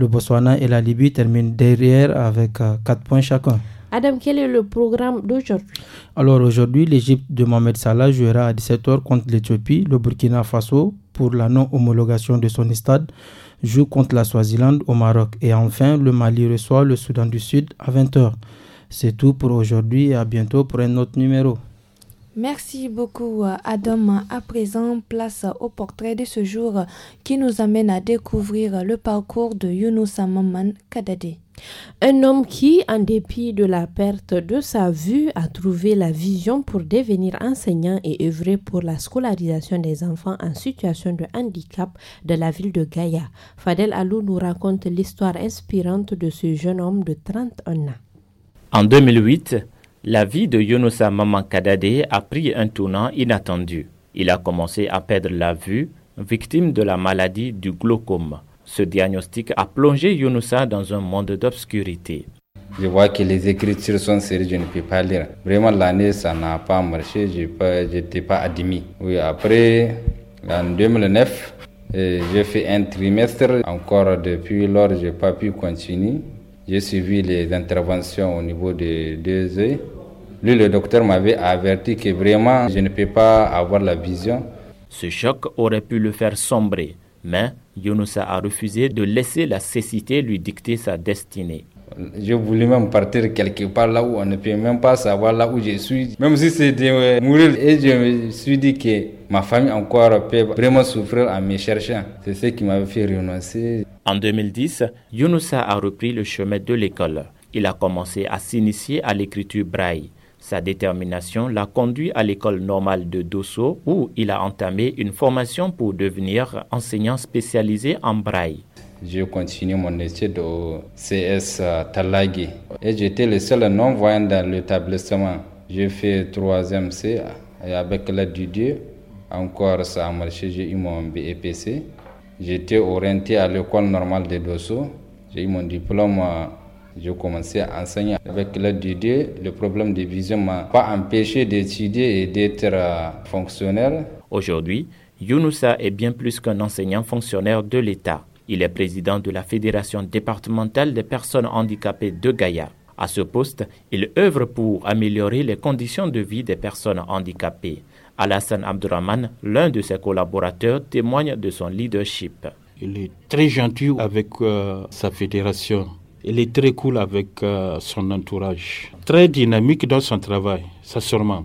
Le Botswana et la Libye terminent derrière avec 4 euh, points chacun. Adam, quel est le programme d'aujourd'hui Alors aujourd'hui, l'Égypte de Mohamed Salah jouera à 17h contre l'Éthiopie. Le Burkina Faso, pour la non-homologation de son stade, joue contre la Swaziland au Maroc. Et enfin, le Mali reçoit le Soudan du Sud à 20h. C'est tout pour aujourd'hui et à bientôt pour un autre numéro. Merci beaucoup euh, Adam. À présent, place au portrait de ce jour qui nous amène à découvrir le parcours de Younous Samman Kadade. Un homme qui, en dépit de la perte de sa vue, a trouvé la vision pour devenir enseignant et œuvrer pour la scolarisation des enfants en situation de handicap de la ville de Gaïa. Fadel Alou nous raconte l'histoire inspirante de ce jeune homme de 31 ans. En 2008, la vie de Maman Mamankadade a pris un tournant inattendu. Il a commencé à perdre la vue, victime de la maladie du glaucome. Ce diagnostic a plongé Yunusa dans un monde d'obscurité. Je vois que les écritures sont serrées, je ne peux pas lire. Vraiment, l'année, ça n'a pas marché, je n'étais pas admis. Oui, après, en 2009, euh, j'ai fait un trimestre. Encore depuis lors, je n'ai pas pu continuer. J'ai suivi les interventions au niveau des deux yeux. Lui, le docteur m'avait averti que vraiment, je ne peux pas avoir la vision. Ce choc aurait pu le faire sombrer, mais Younousa a refusé de laisser la cécité lui dicter sa destinée. Je voulais même partir quelque part là où on ne peut même pas savoir là où je suis. Même si c'est de euh, mourir. Et je me suis dit que ma famille encore peut vraiment souffrir en me cherchant. C'est ce qui m'avait fait renoncer. En 2010, Yunusa a repris le chemin de l'école. Il a commencé à s'initier à l'écriture braille. Sa détermination l'a conduit à l'école normale de Dosso où il a entamé une formation pour devenir enseignant spécialisé en braille. J'ai continué mon étude au CS euh, Talagi Et j'étais le seul non-voyant dans l'établissement. J'ai fait 3 C et avec l'aide du Dieu, encore ça a marché, j'ai eu mon BEPC. J'étais orienté à l'école normale de Dosso. J'ai eu mon diplôme, euh, j'ai commencé à enseigner. Avec l'aide du Dieu, le problème de vision m'a pas empêché d'étudier et d'être euh, fonctionnaire. Aujourd'hui, Yunusa est bien plus qu'un enseignant fonctionnaire de l'État. Il est président de la Fédération départementale des personnes handicapées de Gaïa. À ce poste, il œuvre pour améliorer les conditions de vie des personnes handicapées. Alassane Abdurrahman, l'un de ses collaborateurs, témoigne de son leadership. Il est très gentil avec euh, sa fédération. Il est très cool avec euh, son entourage. Très dynamique dans son travail, ça sûrement.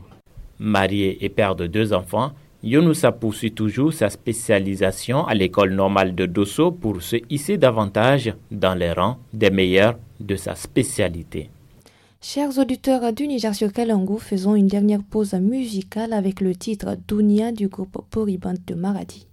Marié et père de deux enfants, Younous poursuit toujours sa spécialisation à l'école normale de Dosso pour se hisser davantage dans les rangs des meilleurs de sa spécialité. Chers auditeurs du Niger sur Kalangu, faisons une dernière pause musicale avec le titre Dounia du groupe Poriband de Maradi.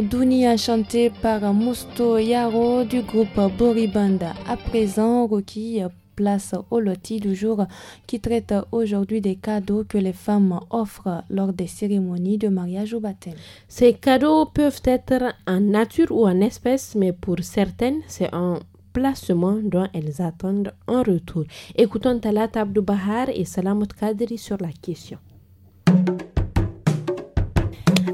a chanté par Musto Yaro du groupe Boribanda. À présent, Rocky place au loti du jour qui traite aujourd'hui des cadeaux que les femmes offrent lors des cérémonies de mariage ou baptême. Ces cadeaux peuvent être en nature ou en espèce, mais pour certaines, c'est un placement dont elles attendent un retour. Écoutons Talat Abdou Bahar et Salamut Kadri sur la question.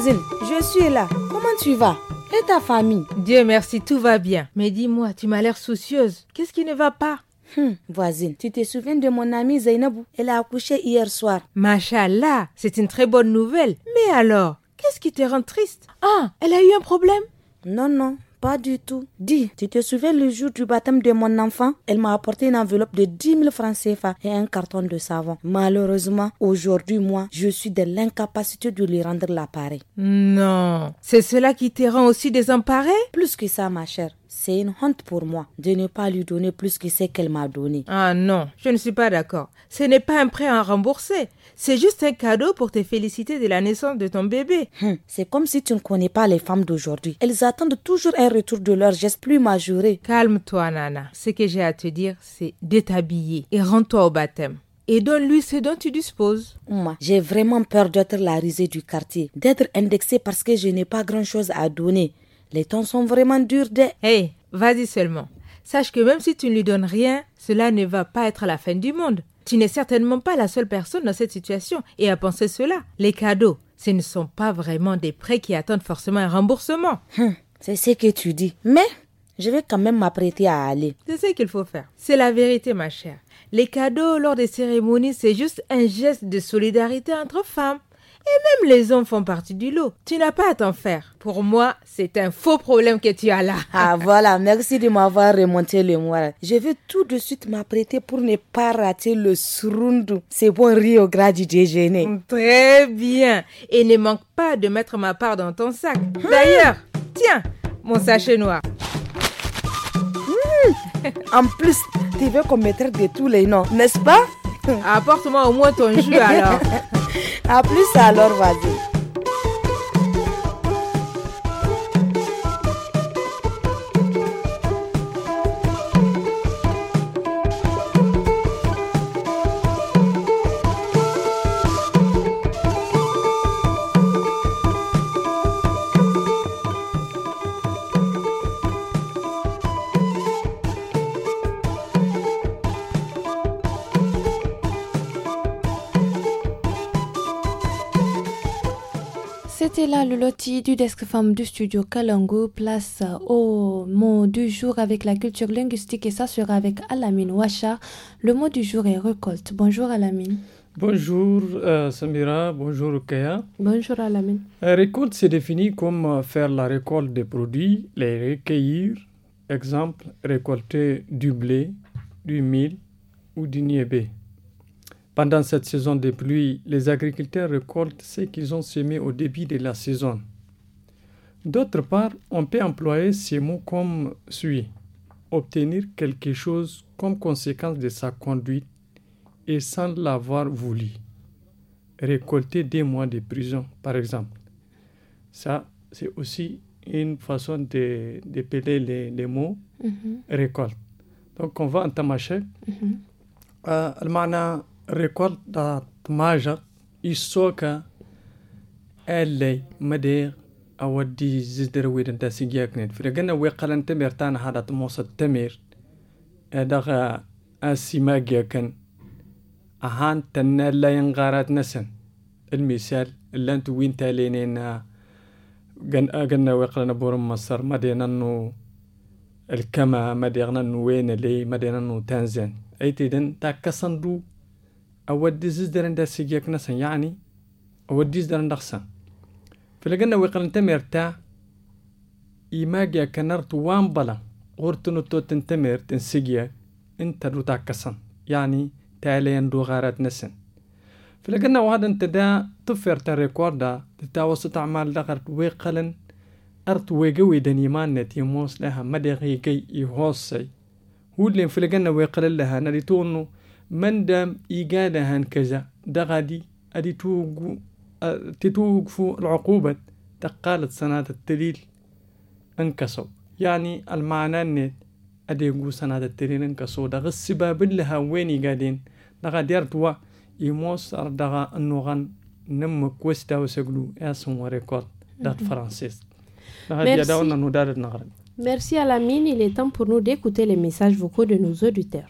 voisine, je suis là. Comment tu vas Et ta famille Dieu merci, tout va bien. Mais dis-moi, tu m'as l'air soucieuse. Qu'est-ce qui ne va pas hum, voisine, tu te souviens de mon amie Zainabou Elle a accouché hier soir. Machallah, c'est une très bonne nouvelle. Mais alors, qu'est-ce qui te rend triste Ah, elle a eu un problème Non, non, pas du tout. Dis, tu te souviens le jour du baptême de mon enfant Elle m'a apporté une enveloppe de 10 000 francs CFA et un carton de savon. Malheureusement, aujourd'hui, moi, je suis de l'incapacité de lui rendre l'appareil. Non. C'est cela qui te rend aussi désemparée Plus que ça, ma chère. C'est une honte pour moi de ne pas lui donner plus que ce qu'elle m'a donné. Ah non, je ne suis pas d'accord. Ce n'est pas un prêt à rembourser. C'est juste un cadeau pour te féliciter de la naissance de ton bébé. Hum, c'est comme si tu ne connais pas les femmes d'aujourd'hui. Elles attendent toujours un retour de leur gestes plus majoré. Calme-toi, Nana. Ce que j'ai à te dire, c'est de t'habiller et rends-toi au baptême et donne-lui ce dont tu disposes. Moi, j'ai vraiment peur d'être la risée du quartier, d'être indexée parce que je n'ai pas grand-chose à donner. Les temps sont vraiment durs de... Hey, vas-y seulement. Sache que même si tu ne lui donnes rien, cela ne va pas être la fin du monde. Tu n'es certainement pas la seule personne dans cette situation et à penser cela. Les cadeaux, ce ne sont pas vraiment des prêts qui attendent forcément un remboursement. Hum, c'est ce que tu dis. Mais je vais quand même m'apprêter à aller. C'est ce qu'il faut faire. C'est la vérité, ma chère. Les cadeaux lors des cérémonies, c'est juste un geste de solidarité entre femmes. Et même les hommes font partie du lot. Tu n'as pas à t'en faire. Pour moi, c'est un faux problème que tu as là. ah (laughs) voilà, merci de m'avoir remonté le moral. Je vais tout de suite m'apprêter pour ne pas rater le surundu. C'est bon Rio gras du déjeuner. Très bien. Et ne manque pas de mettre ma part dans ton sac. Hmm. D'ailleurs, tiens, mon sachet noir. Hmm. en plus, tu veux qu'on mette de tous les noms, n'est-ce pas Apporte-moi au moins ton jus alors. (laughs) A plus alors, vas-y. C'est là le loti du desk femme du studio Kalangu. Place euh, au mot du jour avec la culture linguistique et ça sera avec Alamine Wacha. Le mot du jour est récolte. Bonjour Alamine. Bonjour euh, Samira, bonjour Kaya. Bonjour Alamine. Euh, récolte c'est défini comme faire la récolte des produits, les recueillir. Exemple, récolter du blé, du mil ou du niébé. Pendant cette saison de pluie, les agriculteurs récoltent ce qu'ils ont semé au début de la saison. D'autre part, on peut employer ces mots comme suit obtenir quelque chose comme conséquence de sa conduite et sans l'avoir voulu. Récolter des mois de prison, par exemple. Ça, c'est aussi une façon de, les, mots mhm. récolte. Donc, on va en tamacher. Mm recolta maja isoka alay madeer awaddi zidar wedanta sigiyaknet fregana weqalan tamir tan hadat mosad tamir adaga asimagiyakan ahan tanna layan garat nasan المثال اللي انتو وين تالينينا جن أجنا وقلنا بورم مصر مدينة نو الكما مدينة نو وين لي مدينة نو تنزان أي تيدن تاكسن دو أوديز درن دا سيجيك نسا يعني أوديز درن دخسن فلقنا ويقلن تا إيماجيا كنرت وان بلا غورتنو تو تنتمر تنسيجيا انت دو كسن يعني تاليان دو غارات نسن فلقنا وهذا انت دا تفر تا ريكوردا تتاوسط أعمال دغرت ويقلن أرت ويقوي دنيمان نت يموس لها مدغي جي يهوسي هو اللي فلقنا ويقلن لها نريتونو من مندم إيجادا هنكزا دغادي أدي توقو تتوقفوا العقوبة تقالت سنة التليل انكسو يعني المعنى أن قو سنة التليل انكسو دغ السباب اللي هاويني قادين دغا ديرتوا يموس أردغا النغن نم كوستا وسقلو اسم وريكورد دات فرانسيس دغا ديرتوا نغرب Merci à la mine, il est temps pour nous d'écouter les messages vocaux de nos auditeurs.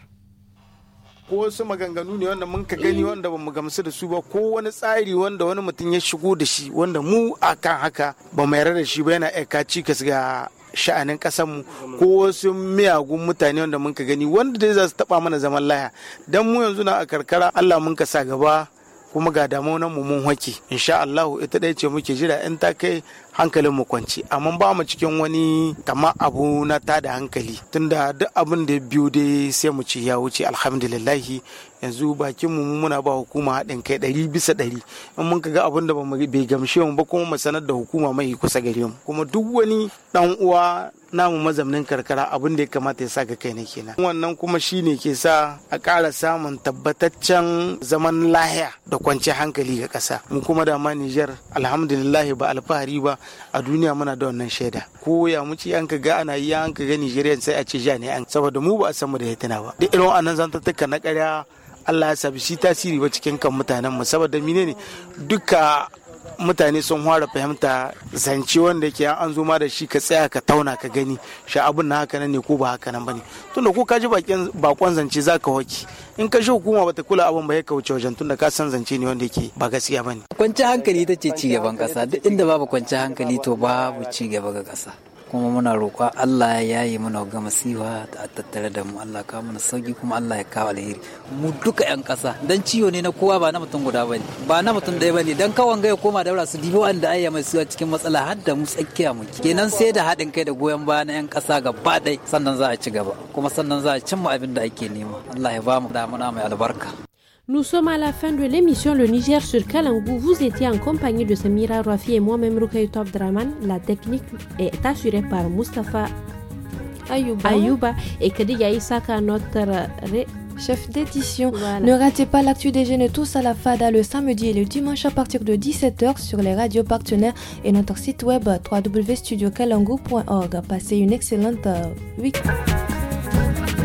ko wasu maganganu ne wanda mun ka gani wanda ba mu gamsu da su ba ko wani tsari wanda wani mutum ya shigo da shi wanda mu akan haka ba mu yarda da shi ba yana aika cikas ga sha'anin mu ko wasu miyagun mutane wanda mun ka gani wanda dai za su taba mana zaman laya dan mu yanzu na a karkara Allah mun ka sa gaba kuma ga damunan mu mun hake insha Allah ita dai ce muke jira in ta kai hankalin mu kwanci amma ba mu cikin wani kama abu na tada hankali tunda duk abin da biyu dai sai mu ci ya wuce alhamdulillahi yanzu bakin mu muna ba hukuma haɗin kai ɗari bisa ɗari in mun ga abin da bai gamshe mu ba kuma mu sanar da hukuma mai kusa gare mu kuma duk wani ɗan uwa namu mazamnin karkara abin da ya kamata ya sa ga kai ne kenan wannan kuma shine ke sa a ƙara samun tabbataccen zaman lahiya da kwance hankali ga ƙasa mu kuma da ma Niger alhamdulillah ba alfahari ba a duniya muna da wannan shaida ko ya mu ci an ka ga ana yi an ga Nigerian sai a ce ja ne an saboda mu ba a san mu da yatina ba duk irin wannan zantattuka na ƙarya Allah ya sabi shi tasiri ba cikin kan mutanen mu saboda menene duka mutane sun fara fahimta zance wanda ke an zo ma da shi ka tsaya ka tauna ka gani sha abun na haka nan ne ko ba haka nan bane tunda ko ka ji bakin bakon zance zaka hoki in ka shi hukuma bata kula abun ba ya kauce wajen tunda ka san zance ne wanda yake ba gaskiya bane kwanci hankali ta ce ci gaban kasa duk inda babu kwanci hankali to babu ci gaba ga kasa kuma muna roƙa Allah ya yaye mana ga masifa a tattare da mu Allah ka mana sauki kuma Allah ya kawo alheri mu duka yan ƙasa dan ciwo ne na kowa ba na mutum guda bane ba na mutum ɗaya bane dan kawan ga ya koma daura su an da ayya mai suwa cikin matsala har da mu tsakiya mu kenan sai da haɗin kai da goyon baya na yan ƙasa gaba ɗaya sannan za a ci gaba kuma sannan za a cimma abin da ake nema Allah ya ba mu damuna mai albarka Nous sommes à la fin de l'émission Le Niger sur Kalangou. Vous étiez en compagnie de Samira Rafi et moi-même Top Draman. La technique est assurée par Mustapha Ayouba. et Kadiga Isaka, notre chef d'édition. Ne ratez pas l'actu des jeunes tous à la FADA le samedi et le dimanche à partir de 17h sur les radios partenaires et notre site web www.studiocalangou.org. Passez une excellente euh, week end